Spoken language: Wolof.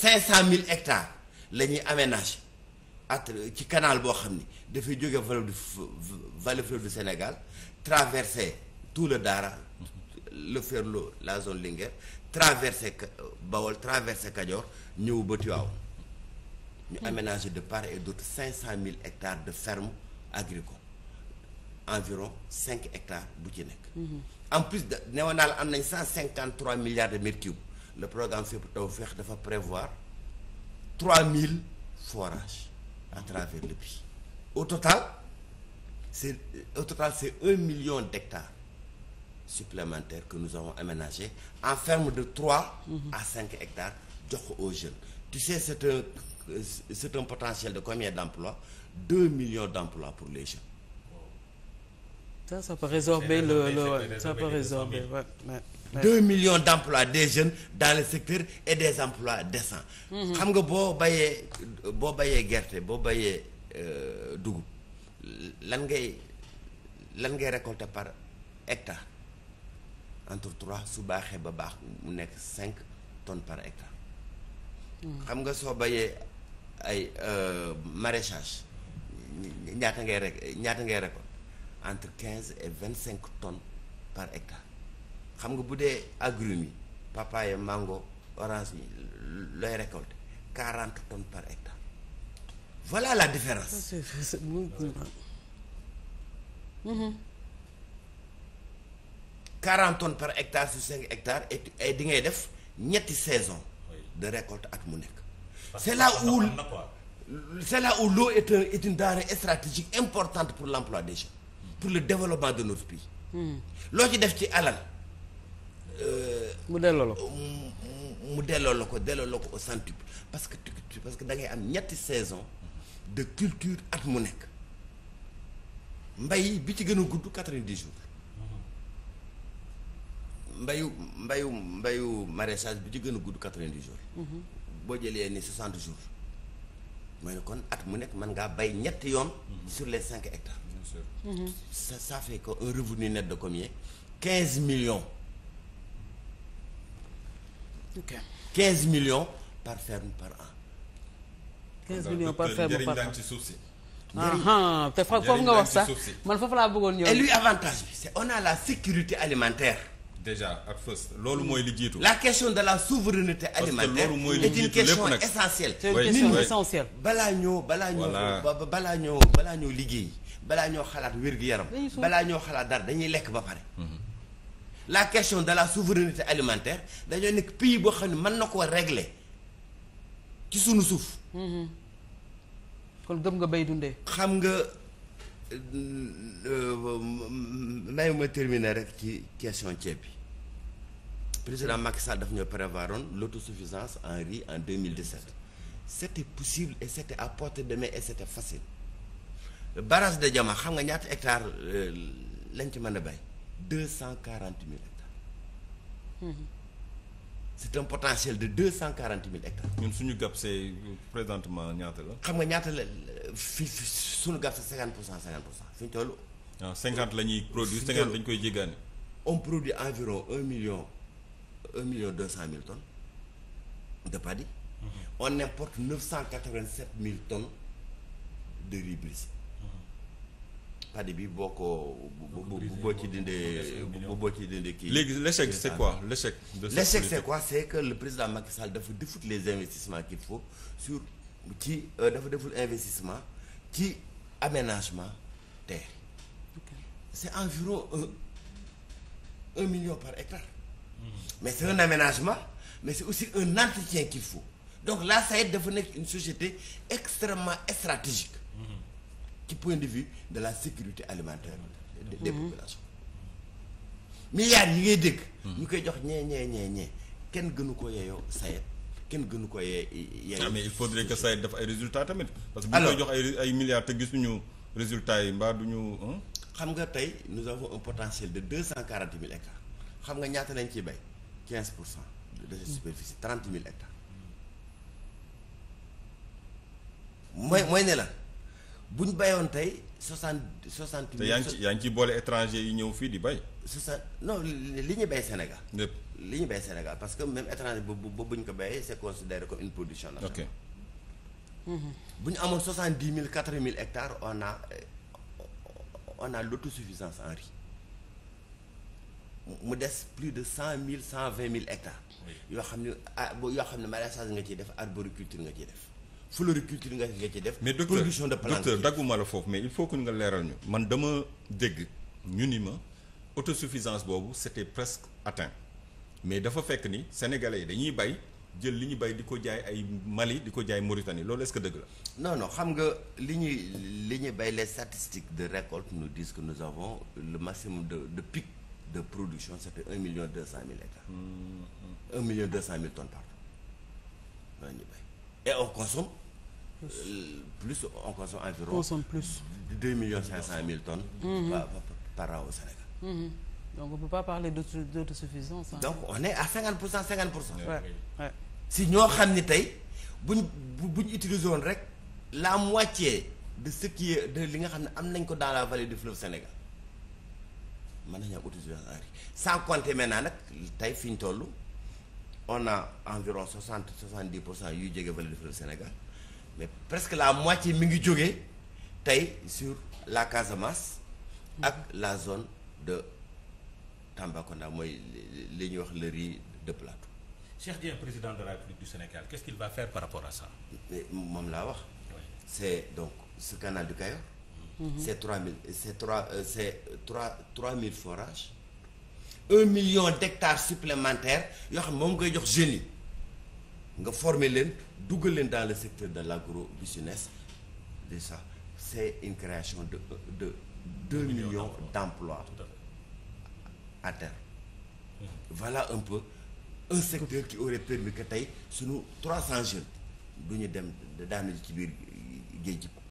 cinq cent mille ectare la ñuy aménagé at ci canal boo xam ni dafay jóge vallée du vallée fleuve du Sénégal traverser tout le Dahra le Ferlo la zone Linguère traverser Bawol traverser Kajoor ñëw ba Tivaouane ñu hmm. aménagé de part et d'autre cinq cent mille hectares de ferme agricole environ cinq hectares bu ci nekk hmm. en plus de newoon naa am nañ cent cinquante trois milliards de mètres le programme Fipp feex dafa prévoir trois mille forages à travers le pays au total c'est au total c'est un million d'hectares supplémentaires que nous avons aménagés en ferme de trois mhm. à cinq hectares jox ko jeune jeunes tu sais c'est un c'est un potentiel de combien d'emplois deux millions d'emplois pour les jeunes ça ça peut résorber le le d'emplois des jeunes dans le secteur et des emplois décents. Mhm. xam nga boo bayee boo bayee gerte boo bayee euh, dugub lan ngay lan ngay récolter par hectare entre 3 su baaxee ba baax mu nekk cinq tonnes par hectare. Mhm. xam nga soo bayee ay euh, maraîchage ñaata ngay rek ñaata ngay récolter. entre quinze et vingt cinq tonnes par hectare xam nga bu dee agrumes yi papaye mango orange yi looy récolter quarante tonnes par hectare voilà la différence. Mm-hmm. quarante tonnes par hectare su cinq ectare et di ngay def ñetti saison de récolte ak mu nekk. c'est là où c'est là où l'eau est importante pour l'emploi des pour le développement de notre pays. loo ci def ci alal. Euh, mu delloo la ko delloo la ko delloo la ko au centuple parce que parce que da ngay am ñetti saison de culture at mu nekk mbay bi ci gën a gudd quatre vingt jours. mbayu mbayu mbayu maraîchage bi ci gën a gudd quatre-vingt-dix jours. boo jëlee ni soixante jours mooy ne kon at mu nekk mën ngaa bay ñetti yoon. sur les cinq hectares. bien sûr. Mm-hmm. ça ça fait que un revenu net de combien quinze millions. ok quinze millions par ferme par an. quinze millions par ferme par an ci suuf si. Ah, ah, te foofu nga wax sax man foofu laa bëggoon ñëw. et lui avantage bi c'est on a la sécurité alimentaire. déjà ak fës loolu mooy li jiitu. la question de la souveraineté alimentaire. est une question essentielle. c'est une question essentielle. balaa ñoo balaa ñoo balaa ñoo liggéey. balaa ñoo xalaat wér-gu-yaram balaa ñoo xalaat dara dañuy lekk ba pare mhm. la question de la souveraineté alimentaire dañoo nekk pays boo xam ne mën na koo régler sunu suuf mhm. kon gëm nga bay dundee xam nga euh, may ma terminer rek ci question ceeb bi président Macky Sall daf ñoo prévoiroon l'autosuffisance en riz en 2017 c'était possible et c'était à portée de main et c'était facile barrage de Diama xam nga ñaata ectare euh, lañ ci mën a bay deux cent quarante mille hectares. Mhm. c'est un de deux cent quarante mille hectares. ñun suñu gap c'est présentement ñaata la. xam nga ñaata la fi suñu gap c'est cinquante pour cent cinquante pour cent fi ñu toll. waaw ah, cinquante la koy jéggaane. on produit environ un million un million deux cent mille tonnes de paddy. Mhm. on importe neuf cent quatre-vingt-sept mille tonnes de riz brisé. padi bi boo ko bu boo ci dindee bu boo ci dindee kii. léegi l'échec c'est quoi l'échec de l'échec c'est quoi c'est que le président Macky Sall dafa defut les investissements qu'il faut sur ci euh, dafa deful investissement ci aménagement terre c'est environ un million par hectare hmm. mais c'est un aménagement mais c'est aussi un entretien qu'il faut donc la SAED dafa nekk une société extrêmement stratégique hmm. ci point de vie de la sécurité alimentaire des, des mhm. populations yi ngay dégg ñu koy jox ñee ñee ñee ñee kenn gënu ko yeeyoo sayet kenn gënu ko yee yeeyoo ah, mais il faudrait que sayet def ay résultat tamit parce que bu ñu jox ay ay te gisuñu résultats yi mbaa duñu xam nga tey nous avons un potentiel de deux cent quarante mille hectares xam nga ñaata lañ ciy bay quinze pour cent de cette mm. superficie trente mille mooy mooy ne la bu ñu bayoon tey soixante soixante. te yaa yaa ngi ci boole étranger yi ñëw fii di bay. soixante non li ñu bay Sénégal. lépp li ñu bay Sénégal parce que même étranger boobu bu ñu ko bayee c'est considéré comme une production nationale. ok. bu ñu amoon soixante dix mille quatre mille hectares on a on a l'autosuffisance en riz mu des plus de cent mille cent vingt mille hectares. yoo xam ne ah yoo xam ne maraîchage nga ciy def culture nga ciy def. floriculture nga nga ci def. mais docteur production de plante docteur dagguma la foofu mais il faut que nga leeral ñu. man dama dégg ñu ni ma autosuffisance boobu c'était presque atteint mais dafa fekk ni sénégalais yi dañuy bay jël li ñu bay di ko jaay ay Mali di ko jaay Mauritanie loolu est-ce que dëgg la. no non xam nga li ñuy li ñu bay les statistiques de récolte nous disent que nous avons le maximum de de pic de production c'était un million deux cent mille hectares. Hmm, hmm. un million deux cent mille tonnes Euh, plus on consomme environ. consomme plus. deux millions cinq cent mille tonnes. Mhm. par par Sénégal. Mhm. donc on peut pas parler d'autosuffisance. donc on est à cinquante pour cent cinquante pour cent. si ñoo xam ni tey buñ buñ utiliser woon rek la moitié de ce qui de li nga xam ne am nañ ko dans la vallée du fleuve Sénégal mën nañu am autosuffisance en riz naa nag tey fi ñu toll on a environ soixante soixante dix pour cent yuy jege vallée du Sénégal. mais presque la moitié mi ngi jóge tey sur la Casamance. ak la zone de Tambacounda mooy li ñuy wax le riz de plateau. Cheikh Dieng président de la République du Sénégal qu'est-ce qu'il va faire par rapport a ça. moom laa wax. c'est donc ce canal du Cayor. Mhm. c'est trois mille c'est euh, trois mille forages. un million d'hectares supplémentaires yoo xam moom ngay jox jeunes yi. nga former leen duggal leen dans le secteur de l'agro business déjà c'est une création de de deux millions d'emplois à terme voilà un peu un secteur qui aurait permis que tey sunu trois cent jeunes du ñu dem daanu ci biir géej gi